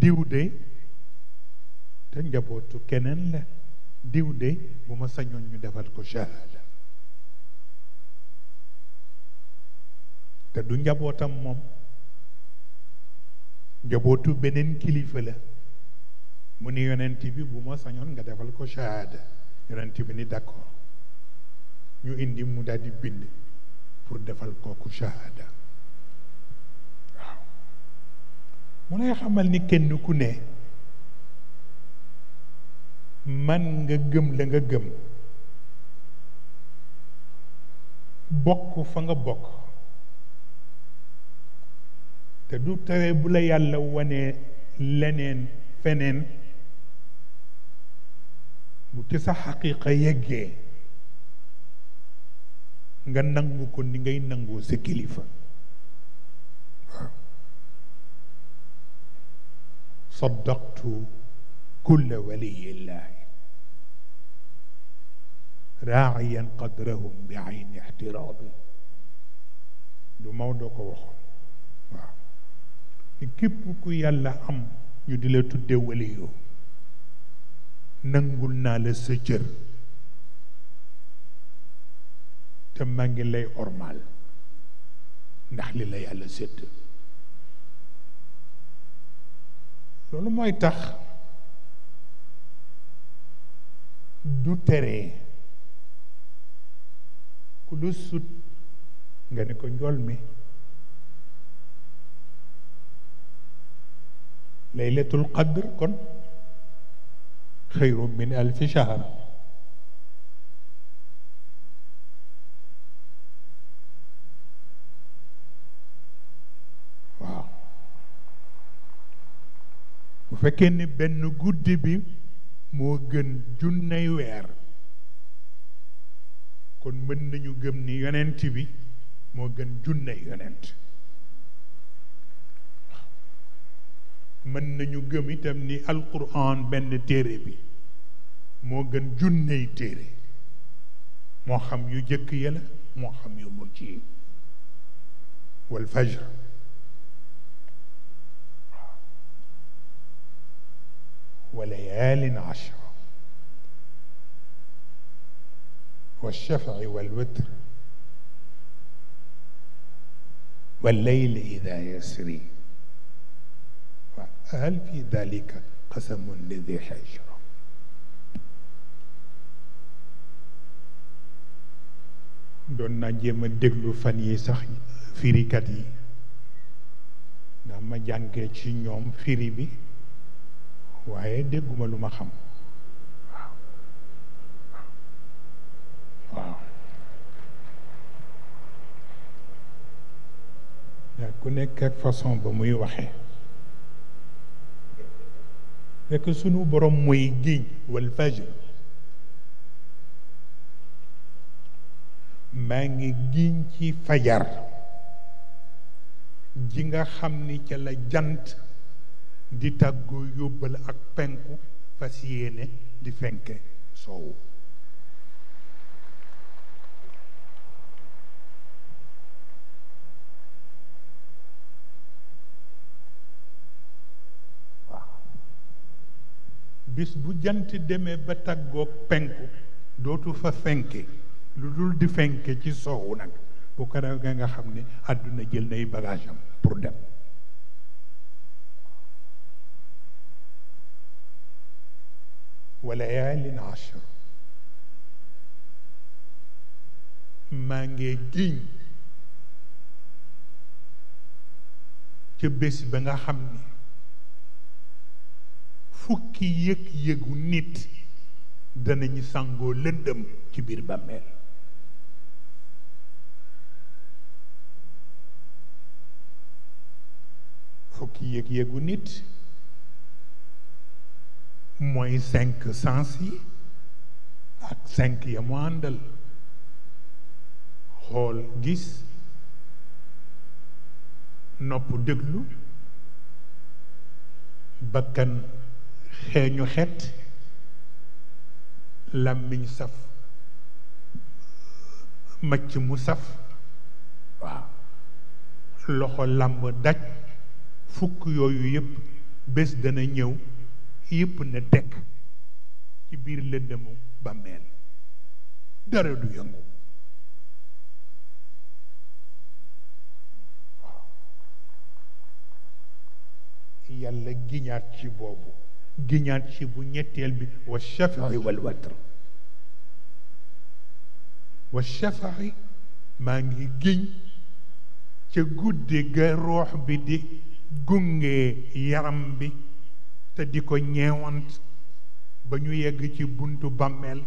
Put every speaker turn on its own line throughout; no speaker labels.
diw de te njabootu keneen la diw de bu ma sañoon ñu defal ko shahada te du njabootam moom njabootu beneen kilifa la mu ni yonent bi bu ma sañoon nga defal ko shahada yonent bi ni d'accord ñu indi mu daldi bind pour defal kooku shahada mu lay xamal ni kenn ku ne man nga gëm la nga gëm bokk fa nga bokk te du tere bu la yàlla wane leneen feneen bu ci sa xaqiiqa yeggee nga nangu ko ni ngay nangoo sa kilifa waaw صدقت كل ولي الله راعيا قدرهم بعين احترامي du Maodo ko waxoon waaw képp ku yàlla am ñu di la tudde waliyoo nangul naa la sa cër te maa ngi lay ormaal ndax li la yàlla sédd loolu mooy tax du tere ku lu sut nga ne ko njool mi laylatul qadr kon xayru min alfi shahr fekkee ni benn guddi bi moo gën junney weer kon mën nañu gëm ni yonent bi moo gën junney yonent mën nañu gëm itam ni alquran benn téere bi moo gën junney téere moo xam yu jëkk ya la moo xam yu mujj yi wal fajr وليال عشر والشفع والوتر والليل إذا يسري هل في ذلك قسم لذي حجر doon naa jéem a déglu fan yi sax firikat yi ndax ma jàngee ci ñoom firi bi waaye dégguma lu ma xam waaw waaw yaa ku nekk ak façon ba muy waxe fekk sunu borom mooy géej wal fajr maa ngi giñ ci fajar ji nga xam ni ca la jant di tàggoo yóbbal ak penku fas yéene di fenk soow waaw bis bu jant demee ba tàggook penku dootu fa fenke lu dul di fenk ci soow nag bu ko nga xam ne àdduna jël nay bagage pour dem وليال maa ngi giñ ca bés ba nga xam ni fukki yëg-yëgu nit danañu sangoo lëndëm ci biir bàmmeel fukki yëg-yëgu nit mooy cinq sens yi ak cinq ya mu àndal xool gis noppu déglu bakkan xeeñu xet làmmiñ saf macc mu saf waaw loxo làmb daj fukk yooyu yépp bés dana ñëw yëpp na tekk ci biir lëndëmu bàmmeel dara du yëngu yàlla giñaat ci boobu giñaat ci bu ñetteel bi wa shafai wal watr wa shafai maa ngi giñ ca guddi ga roox bi di gunge yaram bi te di ko ñeewant ba ñu yegg ci buntu bàmmeel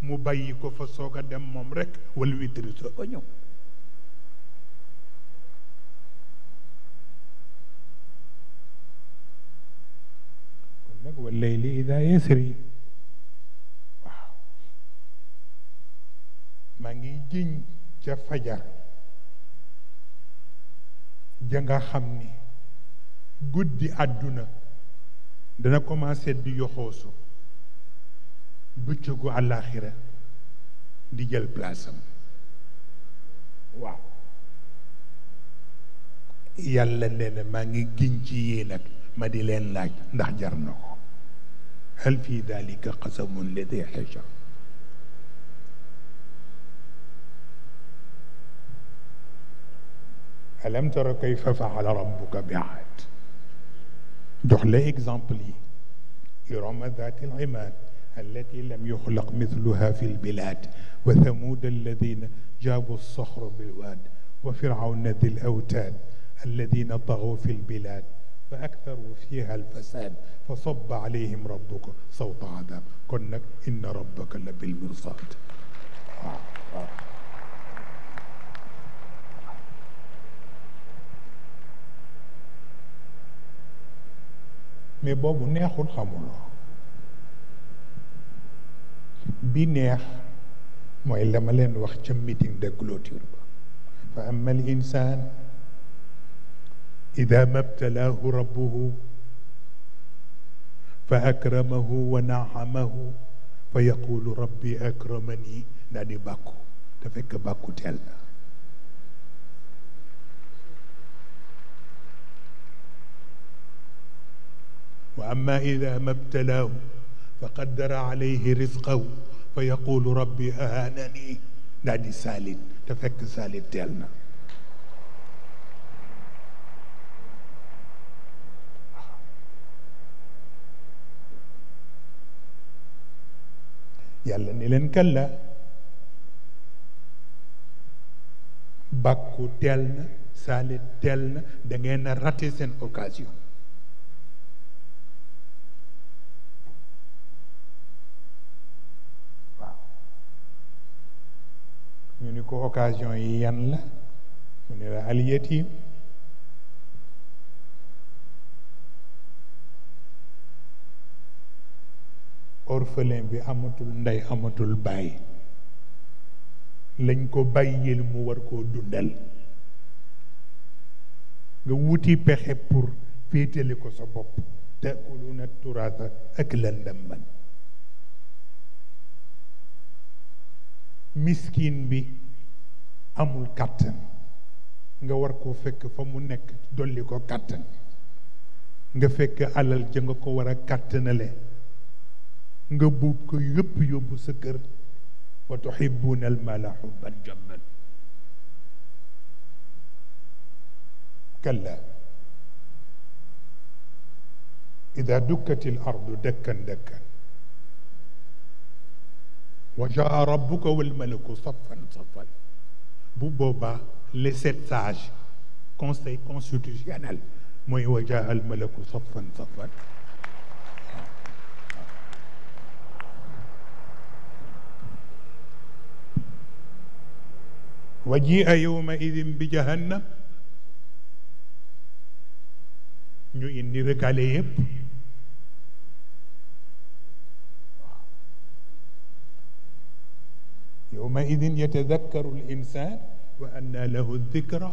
mu bàyyi ko fa soog a dem moom rekk wala witri soog a ñëw kon maa ngi jiñ ca fajar ja nga xam ni guddi àdduna dana commencé di yoxoosu bëccëgu àllaaxira di jël place am waaw yàlla nee na maa ngi giñ ci ma di leen laaj ndax jar na ko hal fi dalika qasamun li di xishar alam tara kayfa faala rabbuka bi aad jox la exemple yi irama dati al imad allati lam yuxlaq mithluha fi lbilad wa thamud alladina jaabu alsoxra bilwaad wa firawna di lawtaad alladina taxaw fi lbilad fa aktaru fiha alfasad fa saba alayhim rabuka sawta adab kon nag inna rabbaka la bilmirsad liggéey boobu neexul xamuloo bi neex mooy la ma leen wax ca meeting de clôture ba fa ama al insaan ida mabtalaahu rabbuhu fa akramahu wa naamahu fa yaqulu rabbi akramani daa di bàkku te fekk bàkku teel na wa amma ida ma btalaahu fa qaddara alayhi risqahu fa yaqulu rabbi ahaanani daa di saalit te fekk saalit teel na yàlla ni leen kalla bàkku teel na saalit teel na da ngeen a raté seen occasion ko occasion yi yan la mu ne la al yatim bi amatul ndey amatul bàyyi lañ ko bàyyil mu war koo dundal nga wuti pexe pour féetale ko sa bopp takuluna turaasa ak lëndam man miskin bi amul kàttan nga war koo fekk fa mu nekk dolli ko kàttan nga fekk alal ja nga ko war a kàttanale nga buub ko yëpp yóbbu sa kër wa tuhibuuna almala xubban jamman kalla ida dukkat alardu dakkan dakkan wa jaa rabbuka walmalaku safan safan bu boobaa les sept sages conseil constitutionnel mooy wajaal malaku safan safan wajia yowma idin bi jahannam ñu indi recalé yëpp يومئذ يتذكر الإنسان وأنى له الذكرى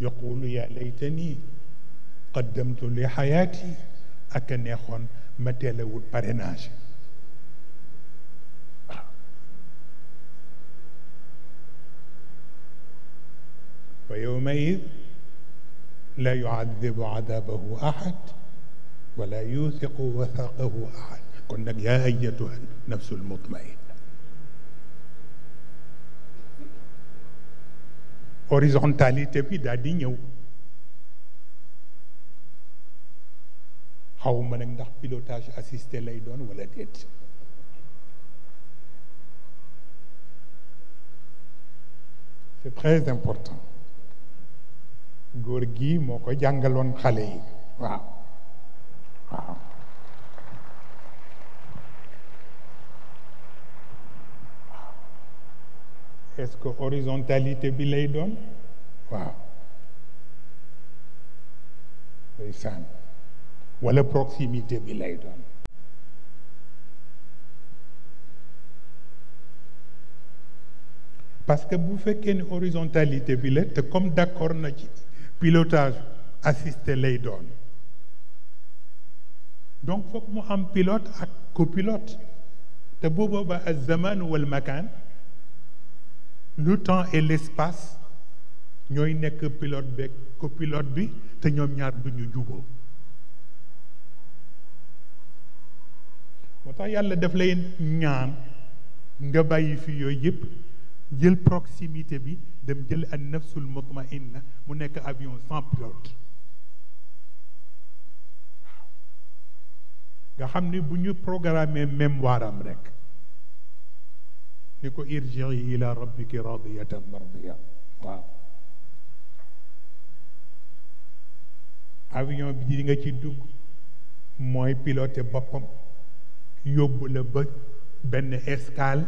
يقول يا ليتني قدمت لحياتي ak a neexoon ma teel a wut parrainage waaw wa yawmaid la yuadibu adabahu ahad wala yuuthiqu wathaqahu ahad kon nag ya ayyatuha nafsul mutmainna horizontalité bi daal di ñëw xaw ma nag ndax pilotage assisté lay doon wala déet c'est très important góor gi moo ko jàngaloon xale waaw est-ce que horizontalité bi lay doon waaw ndeysaan proximité bi lay doon parce que bu fekkee ni horizontalité bi la te comme d'accord na ci pilotage assisté lay doon donc foog mu am pilote ak copilote te bu boobaa az-zaman wal makan le temps et l'espace ñooy nekk pilote beeg copilote bi te ñoom ñaar du ñu juboo moo tax yàlla daf lay ñaan nga bàyyi fi yooyu yëpp jël proximité bi dem jël an nafsul mutmainna mu nekk avion sans pilote nga xam ni bu ñu programmé mémoire am rek ni ko irjii ila rabbiki radiyatan mardiya waaw avion bi di nga ci dugg mooy piloté boppam yóbbu la ba benn escale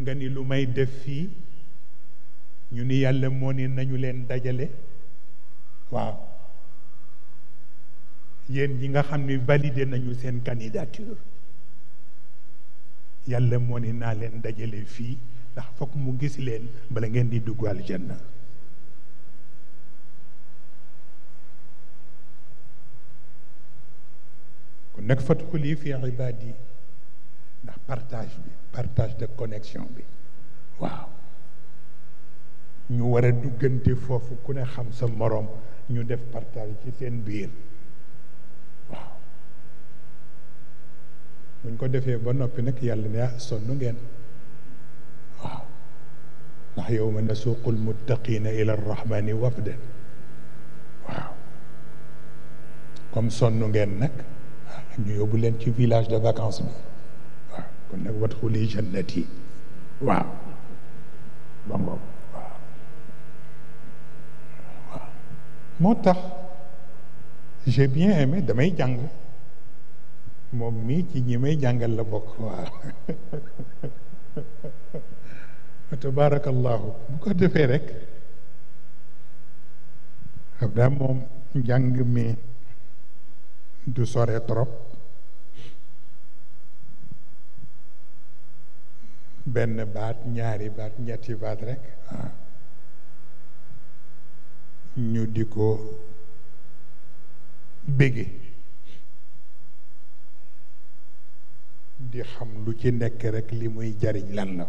nga ni lu may def fii ñu ni yàlla moo ni nañu leen dajale waaw yéen ji nga xam ni validé nañu seen candidature yàlla moo ni naa leen dajale fii ndax fokk mu gis leen bala ngeen di dugg aljanna kon nag fadxuli fi ibaadi ndax partage bi partage de connexion bi waaw ñu war a duggante foofu ku ne xam sa moroom ñu def partage ci seen biir buñ ko defee ba noppi nag yàlla ne ah sonn ngeen waaw ndax yawma nasuuqul muttaqiina ila rahmani wafdan waaw comme sonn ngeen nag ah, ñu yóbbu leen ci village de vacances bi waaw kon nag wadxuli tax j'ai bien aimé damay jàng moom mii ci ñi may jàngal la bokk waaw tabarakallahu bu ko defee rek xam naa moom njàng mi du sore trop benn baat ñaari baat ñetti baat rek ñu di ko bége di xam lu ci nekk rek li muy jariñ lan la